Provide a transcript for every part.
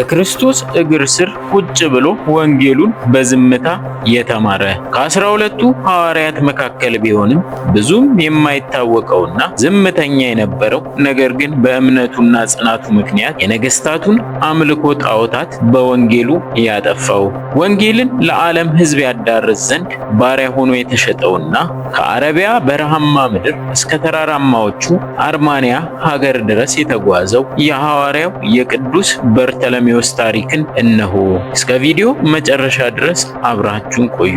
ከክርስቶስ እግር ስር ቁጭ ብሎ ወንጌሉን በዝምታ የተማረ ከአስራ ሁለቱ ሐዋርያት መካከል ቢሆንም ብዙም የማይታወቀውና ዝምተኛ የነበረው ነገር ግን በእምነቱና ጽናቱ ምክንያት የነገስታቱን አምልኮ ጣዖታት በወንጌሉ ያጠፋው ወንጌልን ለዓለም ሕዝብ ያዳርስ ዘንድ ባሪያ ሆኖ የተሸጠውና ከአረቢያ በረሃማ ምድር እስከ ተራራማዎቹ አርማንያ ሀገር ድረስ የተጓዘው የሐዋርያው የቅዱስ በርተለሜ የሚወስድ ታሪክን እነሆ። እስከ ቪዲዮ መጨረሻ ድረስ አብራችሁን ቆዩ።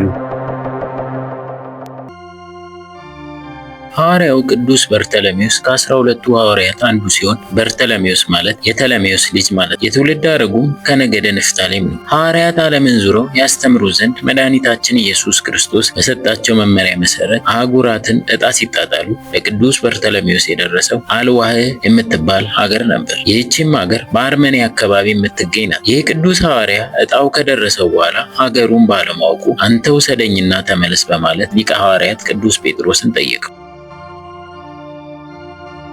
ሐዋርያው ቅዱስ በርተለሜዎስ ከአስራ ሁለቱ ሐዋርያት አንዱ ሲሆን በርተለሜዎስ ማለት የተለሜዎስ ልጅ ማለት፣ የትውልድ ሐረጉም ከነገደ ንፍታሌም ነው። ሐዋርያት ዓለምን ዙረው ያስተምሩ ዘንድ መድኃኒታችን ኢየሱስ ክርስቶስ በሰጣቸው መመሪያ መሰረት አህጉራትን ዕጣ ሲጣጣሉ ለቅዱስ በርተለሜዎስ የደረሰው አልዋህ የምትባል ሀገር ነበር። ይህችም ሀገር በአርመኒ አካባቢ የምትገኝ ናት። ይህ ቅዱስ ሐዋርያ ዕጣው ከደረሰው በኋላ ሀገሩን ባለማወቁ አንተ ውሰደኝና ተመለስ በማለት ሊቀ ሐዋርያት ቅዱስ ጴጥሮስን ጠየቀው።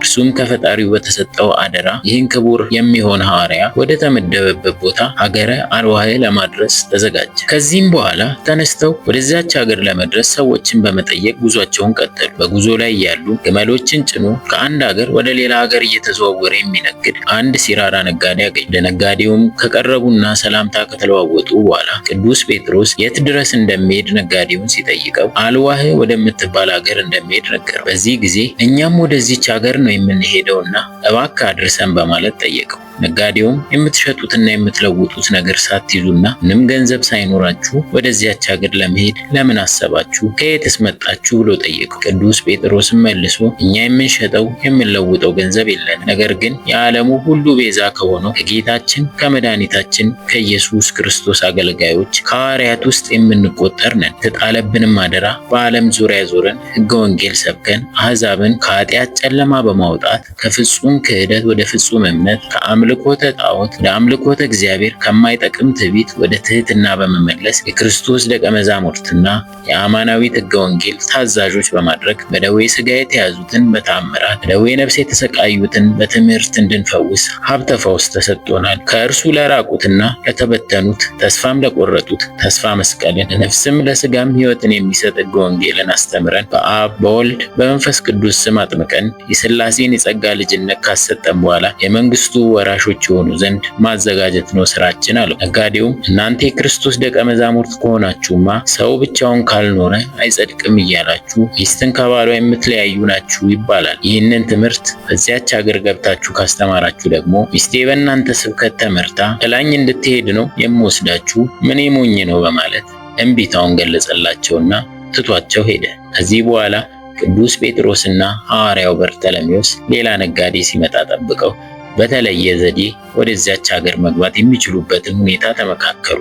እርሱም ከፈጣሪው በተሰጠው አደራ ይህን ክቡር የሚሆን ሐዋርያ ወደ ተመደበበት ቦታ ሀገረ አርዋሄ ለማድረስ ተዘጋጀ። ከዚህም በኋላ ተነስተው ወደዚያች ሀገር ለመድረስ ሰዎችን በመጠየቅ ጉዟቸውን ቀጠሉ። በጉዞ ላይ ያሉ ግመሎችን ጭኖ ከአንድ ሀገር ወደ ሌላ ሀገር እየተዘዋወረ የሚነግድ አንድ ሲራራ ነጋዴ አገኘ። ለነጋዴውም ከቀረቡና ሰላምታ ከተለዋወጡ በኋላ ቅዱስ ጴጥሮስ የት ድረስ እንደሚሄድ ነጋዴውን ሲጠይቀው አልዋህ ወደምትባል ሀገር እንደሚሄድ ነገረው። በዚህ ጊዜ እኛም ወደዚች ሀገር ነው ነው የምንሄደው እና እባክህ አድርሰን በማለት ጠየቀው። ነጋዴውም የምትሸጡትና የምትለውጡት ነገር ሳትይዙና ምንም ገንዘብ ሳይኖራችሁ ወደዚያች ሀገር ለመሄድ ለምን አሰባችሁ? ከየትስ መጣችሁ? ብሎ ጠየቀው። ቅዱስ ጴጥሮስም መልሶ እኛ የምንሸጠው የምንለውጠው ገንዘብ የለን፣ ነገር ግን የዓለሙ ሁሉ ቤዛ ከሆነው ከጌታችን ከመድኃኒታችን ከኢየሱስ ክርስቶስ አገልጋዮች ከሐዋርያት ውስጥ የምንቆጠር ነን። ተጣለብንም አደራ በዓለም ዙሪያ ዞረን ሕገ ወንጌል ሰብከን አሕዛብን ከኃጢአት ጨለማ በማ ማውጣት ከፍጹም ክህደት ወደ ፍጹም እምነት፣ ከአምልኮተ ጣዖት ለአምልኮተ እግዚአብሔር፣ ከማይጠቅም ትዕቢት ወደ ትህትና በመመለስ የክርስቶስ ደቀ መዛሙርትና የአማናዊት ሕገ ወንጌል ታዛዦች በማድረግ በደዌ ሥጋ የተያዙትን በታምራት በደዌ ነፍስ የተሰቃዩትን በትምህርት እንድንፈውስ ሀብተ ፈውስ ተሰጥቶናል። ከእርሱ ለራቁትና ለተበተኑት ተስፋም ለቆረጡት ተስፋ መስቀልን ለነፍስም ለሥጋም ሕይወትን የሚሰጥ ሕገ ወንጌልን አስተምረን በአብ በወልድ በመንፈስ ቅዱስ ስም አጥምቀን የስላ የስላሴን የጸጋ ልጅነት ካሰጠን በኋላ የመንግስቱ ወራሾች የሆኑ ዘንድ ማዘጋጀት ነው ስራችን አለው። ነጋዴውም እናንተ የክርስቶስ ደቀ መዛሙርት ከሆናችሁማ ሰው ብቻውን ካልኖረ አይጸድቅም እያላችሁ ሚስትን ከባሏ የምትለያዩ ናችሁ ይባላል። ይህንን ትምህርት በዚያች ሀገር ገብታችሁ ካስተማራችሁ ደግሞ ሚስቴ በእናንተ ስብከት ተመርታ ጥላኝ እንድትሄድ ነው የምወስዳችሁ፣ ምን ሞኝ ነው በማለት እምቢታውን ገለጸላቸውና ትቷቸው ሄደ። ከዚህ በኋላ ቅዱስ ጴጥሮስና ሐዋርያው በርተለሜዎስ ሌላ ነጋዴ ሲመጣ ጠብቀው በተለየ ዘዴ ወደዚያች ሀገር መግባት የሚችሉበትን ሁኔታ ተመካከሩ።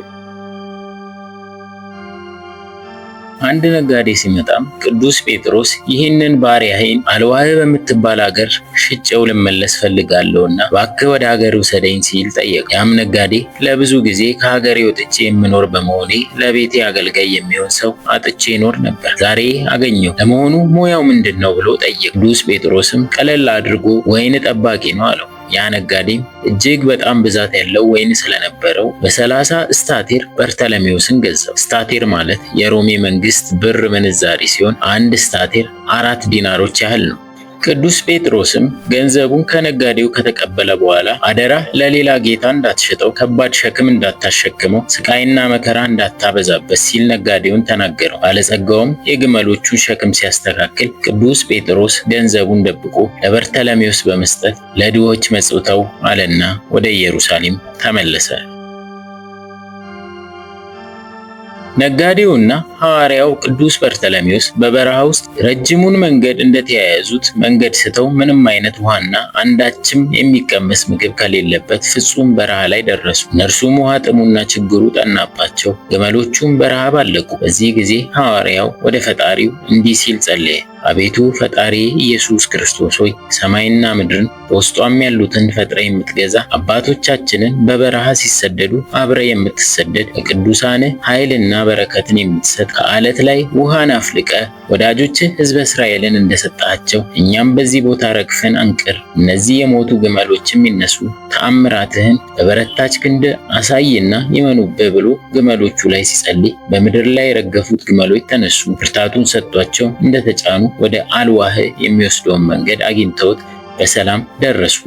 አንድ ነጋዴ ሲመጣም ቅዱስ ጴጥሮስ ይህንን ባሪያህን አልዋህ በምትባል አገር ሽጨው ልመለስ ፈልጋለሁና እባክህ ወደ አገር ውሰደኝ ሲል ጠየቀ። ያም ነጋዴ ለብዙ ጊዜ ከሀገሬ ወጥቼ የምኖር በመሆኔ ለቤቴ አገልጋይ የሚሆን ሰው አጥቼ ይኖር ነበር፣ ዛሬ አገኘው። ለመሆኑ ሙያው ምንድን ነው ብሎ ጠየቀ። ቅዱስ ጴጥሮስም ቀለል አድርጎ ወይን ጠባቂ ነው አለው። ያ ነጋዴም እጅግ በጣም ብዛት ያለው ወይን ስለነበረው በሰላሳ ስታቴር በርተለሜዎስን ገዛው። ስታቴር ማለት የሮሜ መንግስት ብር ምንዛሪ ሲሆን አንድ ስታቴር አራት ዲናሮች ያህል ነው። ቅዱስ ጴጥሮስም ገንዘቡን ከነጋዴው ከተቀበለ በኋላ አደራ ለሌላ ጌታ እንዳትሸጠው፣ ከባድ ሸክም እንዳታሸክመው፣ ስቃይና መከራ እንዳታበዛበት ሲል ነጋዴውን ተናገረው። ባለጸጋውም የግመሎቹን ሸክም ሲያስተካክል ቅዱስ ጴጥሮስ ገንዘቡን ደብቆ ለበርተለሜዎስ በመስጠት ለድሆች መጽውተው አለና ወደ ኢየሩሳሌም ተመለሰ። ነጋዴውና ሐዋርያው ቅዱስ በርተለሜዎስ በበረሃ ውስጥ ረጅሙን መንገድ እንደተያያዙት መንገድ ስተው ምንም አይነት ውሃና አንዳችም የሚቀመስ ምግብ ከሌለበት ፍጹም በረሃ ላይ ደረሱ። እነርሱም ውሃ ጥሙና ችግሩ ጠናባቸው፣ ግመሎቹም በረሃብ አለቁ። በዚህ ጊዜ ሐዋርያው ወደ ፈጣሪው እንዲህ ሲል ጸለየ። አቤቱ ፈጣሪ ኢየሱስ ክርስቶስ ሆይ ሰማይና ምድርን በውስጧም ያሉትን ፈጥረ የምትገዛ አባቶቻችንን በበረሃ ሲሰደዱ አብረ የምትሰደድ ለቅዱሳን ኃይልና በረከትን የምትሰጥ ከአለት ላይ ውሃን አፍልቀ ወዳጆች ሕዝበ እስራኤልን እንደሰጣቸው እኛም በዚህ ቦታ ረግፈን አንቅር። እነዚህ የሞቱ ግመሎች የሚነሱ ተአምራትህን በበረታች ክንድ አሳይና ይመኑብህ ብሎ ግመሎቹ ላይ ሲጸልይ በምድር ላይ የረገፉት ግመሎች ተነሱ፣ ብርታቱን ሰጥቷቸው እንደተጫኑ ወደ አልዋህ የሚወስደውን መንገድ አግኝተውት በሰላም ደረሱ።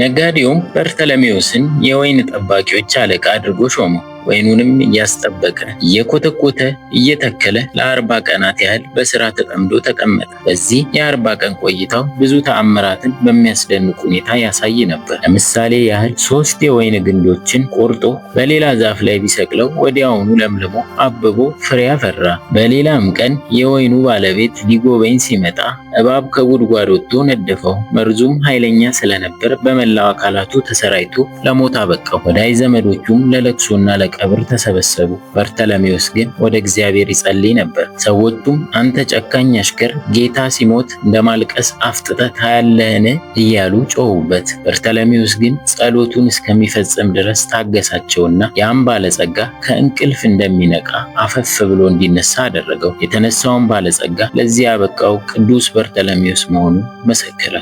ነጋዴውም በርተለሜዎስን የወይን ጠባቂዎች አለቃ አድርጎ ሾመው። ወይኑንም እያስጠበቀ እየኮተኮተ እየተከለ ለአርባ ቀናት ያህል በስራ ተጠምዶ ተቀመጠ። በዚህ የአርባ ቀን ቆይታው ብዙ ተአምራትን በሚያስደንቅ ሁኔታ ያሳይ ነበር። ለምሳሌ ያህል ሶስት የወይን ግንዶችን ቆርጦ በሌላ ዛፍ ላይ ቢሰቅለው ወዲያውኑ ለምልሞ አብቦ ፍሬ አፈራ። በሌላም ቀን የወይኑ ባለቤት ሊጎበኝ ሲመጣ እባብ ከጉድጓድ ወጥቶ ነደፈው። መርዙም ኃይለኛ ስለነበር በመላው አካላቱ ተሰራይቶ ለሞት አበቃው። ወዳጅ ዘመዶቹም ለለቅሶና ቀብር ተሰበሰቡ። በርተለሜዎስ ግን ወደ እግዚአብሔር ይጸልይ ነበር። ሰዎቹም አንተ ጨካኝ አሽከር፣ ጌታ ሲሞት እንደማልቀስ አፍጥጠት ታያለህን? እያሉ ጮሁበት። በርተለሜዎስ ግን ጸሎቱን እስከሚፈጽም ድረስ ታገሳቸውና ያም ባለጸጋ ከእንቅልፍ እንደሚነቃ አፈፍ ብሎ እንዲነሳ አደረገው። የተነሳውን ባለጸጋ ለዚህ ያበቃው ቅዱስ በርተለሜዎስ መሆኑን መሰከረ።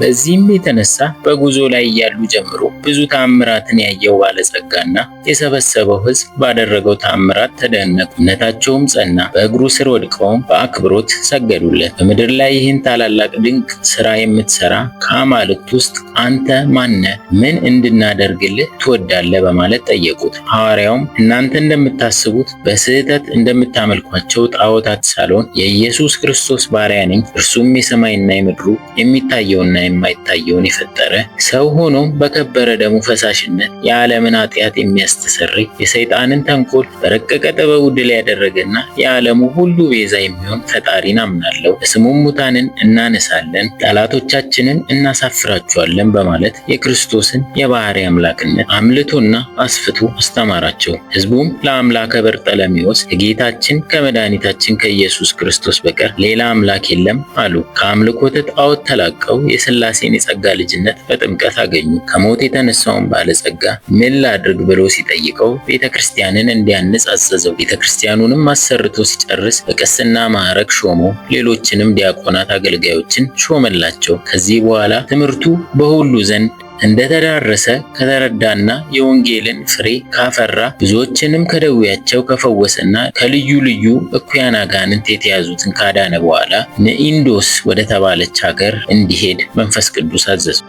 በዚህም የተነሳ በጉዞ ላይ እያሉ ጀምሮ ብዙ ተአምራትን ያየው ባለጸጋና የሰበሰበው ሕዝብ ባደረገው ተአምራት ተደነቁ። እምነታቸውም ጸና። በእግሩ ስር ወድቀውም በአክብሮት ሰገዱለት። በምድር ላይ ይህን ታላላቅ ድንቅ ስራ የምትሰራ ከአማልክት ውስጥ አንተ ማነ? ምን እንድናደርግልህ ትወዳለህ? በማለት ጠየቁት። ሐዋርያውም እናንተ እንደምታስቡት በስህተት እንደምታመልኳቸው ጣዖታት ሳልሆን የኢየሱስ ክርስቶስ ባሪያ ነኝ። እርሱም የሰማይና የምድሩ የሚታየውና የማይታየውን የፈጠረ ሰው ሆኖ በከበረ ደሙ ፈሳሽነት የዓለምን ኃጢአት የሚያስተሰርይ የሰይጣንን ተንኮል በረቀቀ ጥበቡ ድል ያደረገና የዓለሙ ሁሉ ቤዛ የሚሆን ፈጣሪን አምናለሁ። በስሙም ሙታንን እናነሳለን፣ ጠላቶቻችንን እናሳፍራቸዋለን በማለት የክርስቶስን የባህሪ አምላክነት አምልቶና አስፍቶ አስተማራቸው። ህዝቡም ለአምላከ በርጠለሜዎስ ከጌታችን ከመድኃኒታችን ከኢየሱስ ክርስቶስ በቀር ሌላ አምላክ የለም አሉ። ከአምልኮተ ጣዖት ተላቀው የሥላሴን የጸጋ ልጅነት በጥምቀት አገኙ። ከሞት የተነሳውን ባለጸጋ ምን ላድርግ ብሎ ሲጠይቀው ቤተ ክርስቲያንን እንዲያንጽ አዘዘው። ቤተ ክርስቲያኑንም አሰርቶ ሲጨርስ በቅስና ማዕረግ ሾሞ ሌሎችንም ዲያቆናት አገልጋዮችን ሾመላቸው። ከዚህ በኋላ ትምህርቱ በሁሉ ዘንድ እንደተዳረሰ ከተረዳና የወንጌልን ፍሬ ካፈራ ብዙዎችንም ከደዌያቸው ከፈወሰና ከልዩ ልዩ እኩያን አጋንንት የተያዙትን ካዳነ በኋላ ንኢንዶስ ወደ ተባለች ሀገር እንዲሄድ መንፈስ ቅዱስ አዘዘው።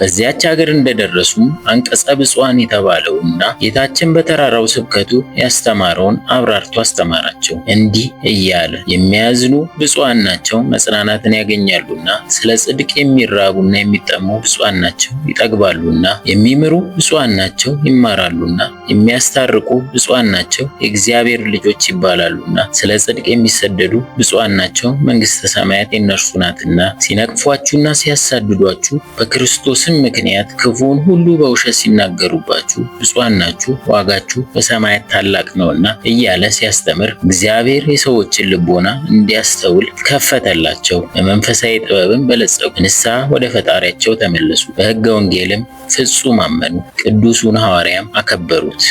በዚያች ሀገር እንደደረሱም አንቀጸ ብፁዓን የተባለውና ጌታችን በተራራው ስብከቱ ያስተማረውን አብራርቶ አስተማራቸው። እንዲህ እያለ የሚያዝኑ ብፁዓን ናቸው መጽናናትን ያገኛሉና፣ ስለ ጽድቅ የሚራቡና የሚጠሙ ብፁዓን ናቸው ይጠግባሉና፣ የሚምሩ ብፁዓን ናቸው ይማራሉና፣ የሚያስታርቁ ብፁዓን ናቸው የእግዚአብሔር ልጆች ይባላሉና፣ ስለ ጽድቅ የሚሰደዱ ብፁዓን ናቸው መንግሥተ ሰማያት የእነርሱ ናትና፣ ሲነቅፏችሁና ሲያሳድዷችሁ በክርስቶስ በስም ምክንያት ክፉውን ሁሉ በውሸት ሲናገሩባችሁ ብፁዓን ናችሁ፣ ዋጋችሁ በሰማያት ታላቅ ነውና እያለ ሲያስተምር እግዚአብሔር የሰዎችን ልቦና እንዲያስተውል ከፈተላቸው። በመንፈሳዊ ጥበብም በለጸጉ፣ ንስሐ ወደ ፈጣሪያቸው ተመለሱ፣ በሕገ ወንጌልም ፍጹም አመኑ። ቅዱሱን ሐዋርያም አከበሩት።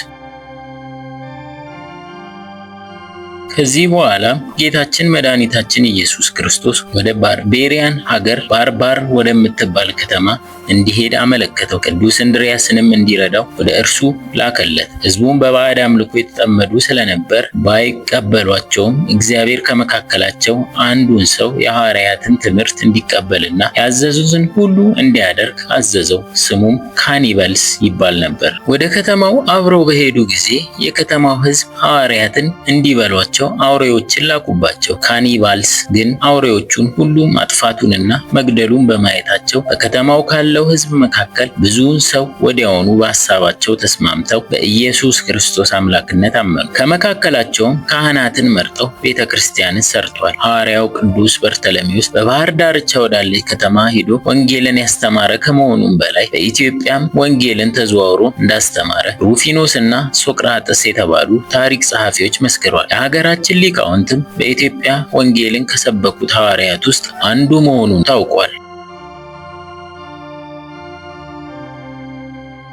ከዚህ በኋላ ጌታችን መድኃኒታችን ኢየሱስ ክርስቶስ ወደ ባርቤሪያን ሀገር ባርባር ወደምትባል ከተማ እንዲሄድ አመለከተው። ቅዱስ እንድርያስንም እንዲረዳው ወደ እርሱ ላከለት። ህዝቡም በባዕድ አምልኮ የተጠመዱ ስለነበር ባይቀበሏቸውም እግዚአብሔር ከመካከላቸው አንዱን ሰው የሐዋርያትን ትምህርት እንዲቀበልና ያዘዙትን ሁሉ እንዲያደርግ አዘዘው። ስሙም ካኒበልስ ይባል ነበር። ወደ ከተማው አብረው በሄዱ ጊዜ የከተማው ሕዝብ ሐዋርያትን እንዲበሏቸው ተነስተው አውሬዎችን ላኩባቸው። ካኒባልስ ግን አውሬዎቹን ሁሉ ማጥፋቱንና መግደሉን በማየታቸው በከተማው ካለው ሕዝብ መካከል ብዙውን ሰው ወዲያውኑ በሀሳባቸው ተስማምተው በኢየሱስ ክርስቶስ አምላክነት አመኑ። ከመካከላቸውም ካህናትን መርጠው ቤተ ክርስቲያንን ሰርቷል። ሐዋርያው ቅዱስ በርተለሜዎስ በባህር ዳርቻ ወዳለች ከተማ ሂዶ ወንጌልን ያስተማረ ከመሆኑም በላይ በኢትዮጵያም ወንጌልን ተዘዋውሮ እንዳስተማረ ሩፊኖስ እና ሶቅራጥስ የተባሉ ታሪክ ጸሐፊዎች መስክረዋል። የሀገራ የሀገራችን ሊቃውንትም በኢትዮጵያ ወንጌልን ከሰበኩት ሐዋርያት ውስጥ አንዱ መሆኑን ታውቋል።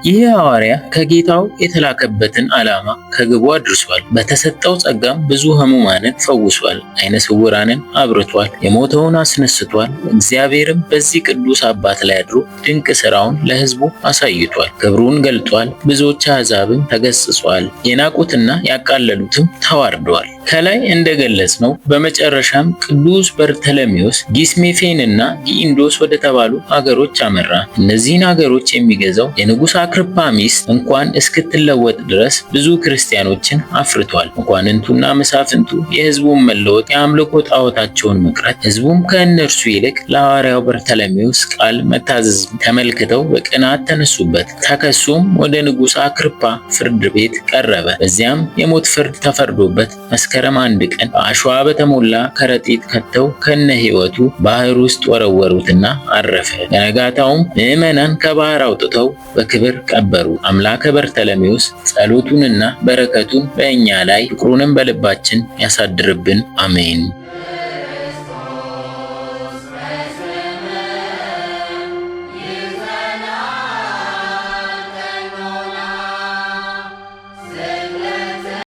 ይህ ሐዋርያ ከጌታው የተላከበትን ዓላማ ከግቡ አድርሷል። በተሰጠው ጸጋም ብዙ ሕሙማንን ፈውሷል፣ አይነ ስውራንን አብርቷል፣ የሞተውን አስነስቷል። እግዚአብሔርም በዚህ ቅዱስ አባት ላይ አድሮ ድንቅ ሥራውን ለሕዝቡ አሳይቷል፣ ክብሩን ገልጧል። ብዙዎች አሕዛብም ተገስጿል፣ የናቁትና ያቃለሉትም ተዋርደዋል። ከላይ እንደገለጽ ነው። በመጨረሻም ቅዱስ በርተለሜዎስ ጊስሜፌንና ጊኢንዶስ ወደተባሉ አገሮች አመራ። እነዚህን አገሮች የሚገዛው የንጉሥ አክርፓሚስ እንኳን እስክትለወጥ ድረስ ብዙ ክርስቲያኖችን አፍርቷል። መኳንንቱና መሳፍንቱ የህዝቡን መለወጥ፣ የአምልኮ ጣዖታቸውን መቅረት፣ ህዝቡም ከእነርሱ ይልቅ ለሐዋርያው በርተለሜዎስ ቃል መታዘዝ ተመልክተው በቅናት ተነሱበት። ተከሱም ወደ ንጉሥ አክርፓ ፍርድ ቤት ቀረበ። በዚያም የሞት ፍርድ ተፈርዶበት መስከረም አንድ ቀን በአሸዋ በተሞላ ከረጢት ከተው ከነ ህይወቱ ባህር ውስጥ ወረወሩትና አረፈ። በነጋታውም ምዕመናን ከባህር አውጥተው በክብር ቀበሩ። አምላከ በርተለሜዎስ ጸሎቱንና በረከቱን በእኛ ላይ ፍቅሩንም በልባችን ያሳድርብን፣ አሜን።